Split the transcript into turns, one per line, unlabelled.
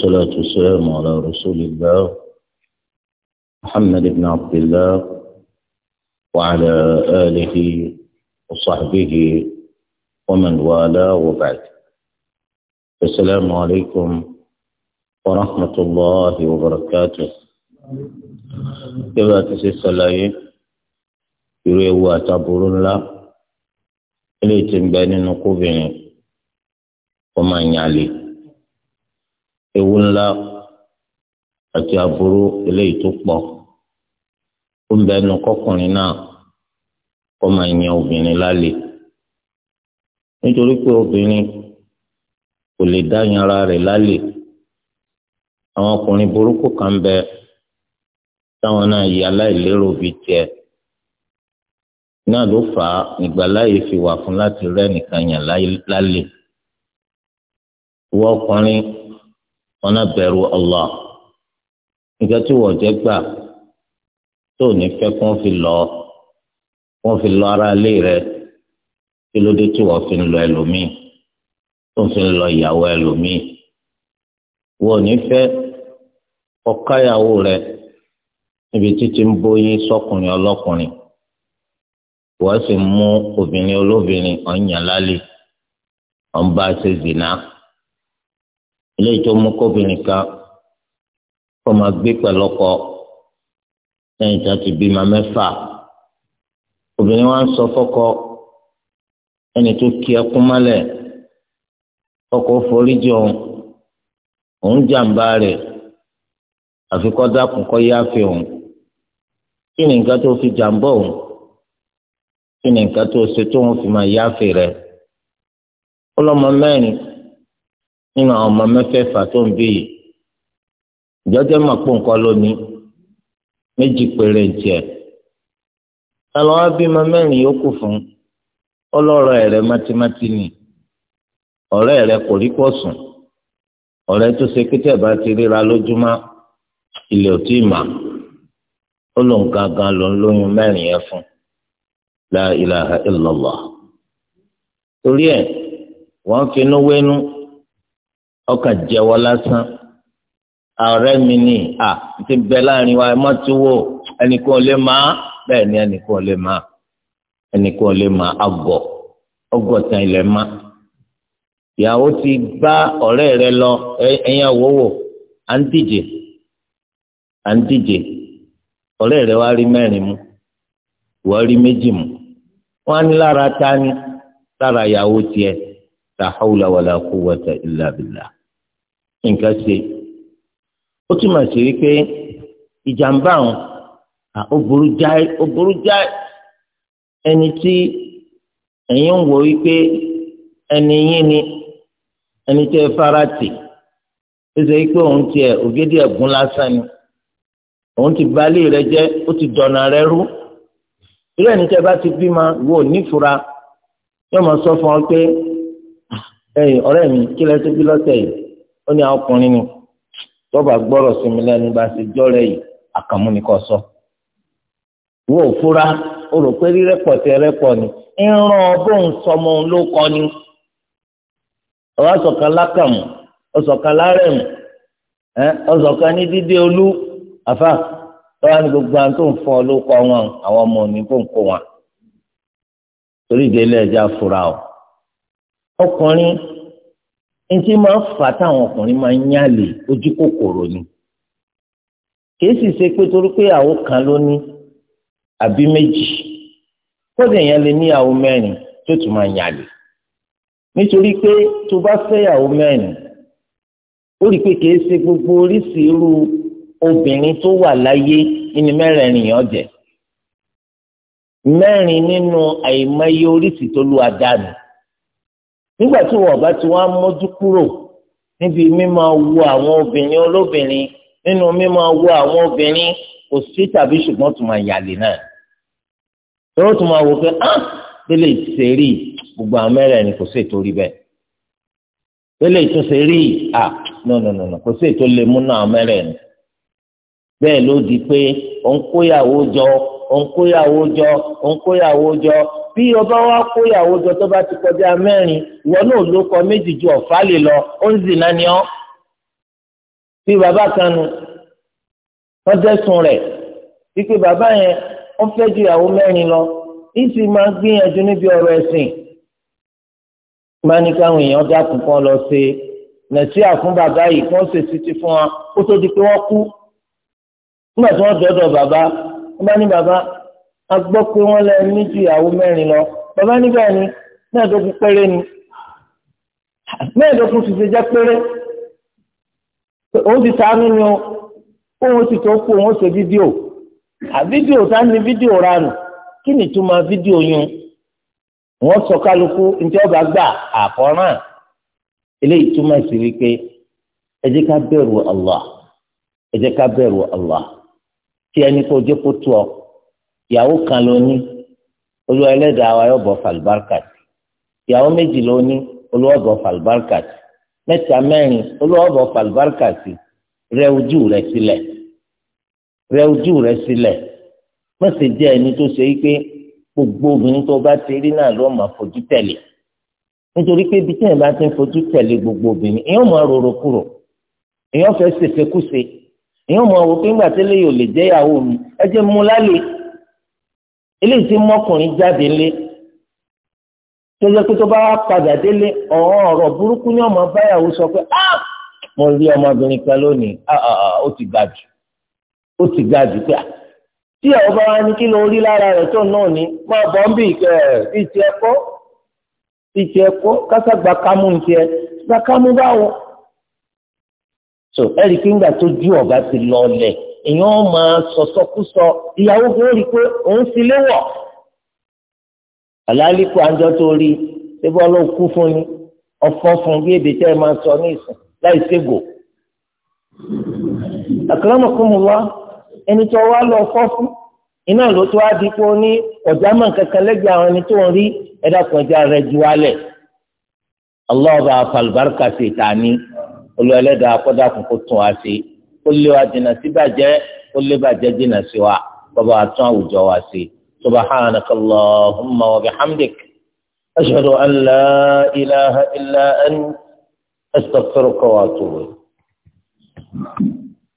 والصلاة والسلام على رسول الله محمد بن عبد الله وعلى آله وصحبه ومن والاه وبعد السلام عليكم ورحمة الله وبركاته كما تسيسلاي يروي واتبرون لا إليتم بين نقوبين وما يعلي ewu ńlá àti aburú eléyìí tó pọ̀ ó ń bẹnu kọkùnrin náà kó máa yan obìnrin lálẹ́ nítorí pé obìnrin kò lè dá yanra rẹ̀ lálẹ́ àwọn ọkùnrin burúkú kan bẹ táwọn náà yí aláìlérò bíi tiẹ̀ náà ló fà á ìgbàláyè fi wà fún láti rẹ́ nìkan yàn lálẹ́ ìwọ ọkùnrin wọn náà bẹ̀rù Allah nǹkan tí wọ́n jẹ́ gbà tó ní fẹ́ kí wọ́n fi lọ wọ́n fi lọ ara ilé rẹ kí ló dé tí wọ́n fi ń lọ ẹlòmíì tó ń fi lọ ìyàwó ẹlòmíì wọ́n ní fẹ́ ọ̀káyàwó rẹ níbi títí ń bóyí sọkùnrin ọlọ́kùnrin wọ́n sì mú obìnrin olóbìnrin ọ̀nyàn lálẹ́ ọ̀nba ṣe zìnnà eléyìí tó mú kóbìnrin kan kó máa gbé pẹ̀lọ́kọ lẹ́yìn tó ti bímọ mẹ́fà obìnrin wa ń sọ fọ́kọ ẹni tó kí ẹkún mọ́lẹ̀ ọkọ foríjì òun òun jàǹbá rẹ̀ àfi kó dákun kó yááfẹ́ òun kí ni nǹkan tó fi jàǹbá òun kí ni nǹkan tó ṣe tó òun fi máa yááfẹ́ rẹ̀ ó mẹ́rin. nínú àwọn ọmọ mẹ́fẹ̀ẹ̀fà tó ń bí yìí ìjọjọ mọ pé nǹkan lónìí méjì péré jẹ tálọ wá bímọ yóò yòókù fún ọlọ́rọ̀ ẹrẹ mátímátí ni ọ̀rẹ́ ẹrẹ kò rí pọ sùn tó ṣe kété bá ti ríra lójúmọ́ ilé ó lóun gangan ló ń lóyún yẹn ọkà jẹ́wọ́ lásán ààrẹ mi ni à ti bẹ láàrin wa ẹ má wò ẹnìkan lè má ni ẹnìkan lè má ẹnìkan lè má tán ilẹ̀ má ìyàwó ti bá ọ̀rẹ́ rẹ lọ ẹ̀yìn àwòwò à ń díje ọ̀rẹ́ rẹ wá rí mẹ́rin mu wọ́n rí méjì mu wọ́n á ní la hawla wala quwwata illa billah nǹkan ṣe ó túmọ̀ sí wípé ìjàmbá àwọn ó burú jáì ó burú jáì ẹni tí ẹ̀yin ń wò wípé ẹni yín ni ẹni tẹ́ fara tì ó ṣe wípé òun tiẹ̀ ògidì ẹ̀gún lásán ni òun ti balẹ̀ rẹ jẹ́ ó ti dọ̀nà rẹ rú irú ẹni tẹ́ bá ti bímọ wò nífura yóò mọ̀ sọ fún ọ pé ẹ̀yìn ọ̀rẹ́ mi kí lẹ tó bí lọ́tẹ̀ yìí ó ní ọkùnrin ni tọ́ba gbọ́rọ̀ sí mi bá ṣe jọ́rẹ̀ yìí àkàmú ni kò sọ. o rò pé rírẹ́pọ̀ ni ń ràn ọ́ sọmọ ló ni. ọ̀rọ̀ lákàmù ní dídé olú àfà tọ́wá ní gbogbo àwọn tó ń fọ́ ló ọmọ òní kò ń kó wọn. torí fura o. ọkùnrin ntí máa fà táwọn ọkùnrin máa ń yálè ojú kòkòrò ni kìí sì ṣe pé torí pé àwọn kan ló ní àbí méjì kódà èèyàn lè ní àwọn mẹ́rin tó tún máa yálè nítorí pé tó bá fẹ́ ìyàwó mẹ́rin ó rí i pé kìí ṣe gbogbo oríṣi obìnrin tó wà láyé ní mẹ́rẹ̀ẹ̀rin yẹn jẹ́ mẹ́rin nínú àìmọye oríṣi tó lù àdánù nígbà tí wọn bá ti wá mójú kúrò níbi mímọ wo àwọn obìnrin olóbìnrin nínú mímọ wo àwọn obìnrin kò sí tàbí ṣùgbọ́n tó máa yàlè náà tọ́wọ́ tó máa wò pé á délé ìṣèrí gbogbo àwọn mẹ́rẹ̀ẹ̀rin kò sí ètò rí bẹ́ẹ̀ délé ìtúnṣèrí à ah, nọ̀nọ̀nọ̀nọ̀ kò sí ètò lè mú náà mẹ́rẹ̀ẹ̀rin bẹ́ẹ̀ ló di pé òun kóyàwó jọ òǹkóyàwó jọ òǹkóyàwó jọ bí ọba wa kóyàwó jọ tó bá ti kọjá mẹ́rin ìwọ náà ló kọ méjì ju ọ̀fà lè lọ ó ń zìnà ni ọ́ bí bàbá kan nu wọ́n dẹ́sùn rẹ̀ wípé bàbá yẹn wọ́n fẹ́ ju ìyàwó mẹ́rin lọ ìsì máa gbìyànjú níbi ọ̀rọ̀ ẹ̀sìn máa ní káwọn èèyàn dákun kan lọ ṣe nàìjíríà fún bàbá yìí kí wọ́n ṣe títí fún wa kó tó di pé wọ́n kú nígbà tí wọ́n dọ́dọ̀ bàbá wọ́n bá ní bàbá a gbọ́ pé wọ́n lẹ ní ìyàwó mẹ́rin lọ bàbá nígbà ni mẹ́ẹ̀ẹ́dógún péré ni mẹ́ẹ̀ẹ́dógún ti ṣe jẹ́ péré òun ti ni o òun ti tó kú òun ṣe fídíò àfídíò tá ni fídíò ranù kí ni túmọ̀ fídíò yun wọ́n sọ kálukú ọba gbà àkọ́ràn eléyìí túmọ̀ sí wípé ẹ jẹ́ ká bẹ̀rù ẹ jẹ́ tí ẹni kò jẹ́ kó tu ọ ìyàwó kan ló ní olúwa ẹlẹ́dàá wa yóò bọ̀ fàlùbáríkàt ìyàwó méjì ló ní olúwa bọ̀ fàlùbáríkàt mẹ́ta mẹ́rin olúwa bọ̀ fàlùbáríkàt rẹ ojú rẹ sílẹ̀ rẹ ojú rẹ sílẹ̀ mọ̀sẹ̀ jẹ́ ẹni tó ṣe pé gbogbo obìnrin tó bá ti rí náà ló máa fojú tẹ̀lé nítorí pé ibi tí ẹ̀ bá ti ń fojú tẹ̀lé gbogbo obìnrin èèyàn máa rorò kúrò èèyàn fẹ́ ṣèṣekúṣe èèyàn mọ àwọn pé ńgbà tẹ́lẹ̀ yóò lè jẹ́ ìyàwó mi ẹ jẹ́ mú lálẹ́ eléyìí tí mọ́kùnrin jáde lé tọ́jọ́ pé tó bá wá padà délé ọ̀hún ọ̀rọ̀ burúkú ni ọmọ báyàwó sọ pé á ah! mo rí ọmọbìnrin kan lónìí ah, ah, ó ti ga jù ó ti ga jù pé tí ìyàwó bá wá ní kí ló rí lára rẹ̀ tó náà ní máa bọ́ ń bì kẹ́ ẹ̀ bíi ẹ̀kọ́ bíi ẹ̀kọ́ kásàgbà kámú ń tiẹ̀ gbà báwo so ẹ̀rí kí ńgbà tó ju ọ̀gá ti lọ lẹ̀ èèyàn máa sọ̀sọ́kúsọ ìyàwó kò rí i pé òun sì léwọ̀ àlálìkù àjọ tó rí ṣé bọ́ ló kú fún ni ọ̀fọ́ fún bí èdè tẹ́ ẹ máa sọ ní ìsìn láì ségò àkàràmọ̀kọ́mọ̀wá ẹni tó wá lọ fọ́ fún iná ló tó á di pé ó ní ọ̀já mọ̀ kankan lẹ́gbẹ̀ẹ́ àwọn ẹni tó ń rí ẹ̀dá kan já rẹ̀ ju wálẹ̀ Allah bá falùbáríkà ṣètà ni olú ẹlẹ́dàá akọ́dàkùn kó tún wá sí kó lé wa jìnnà sí bàjẹ́ kó lé bàjẹ́ jìnnà sí wa bàbá àtún àwùjọ wa sí subhanaka allahumma wa bihamdik ashhadu an la ilaha illa ant astaghfiruka wa atubu.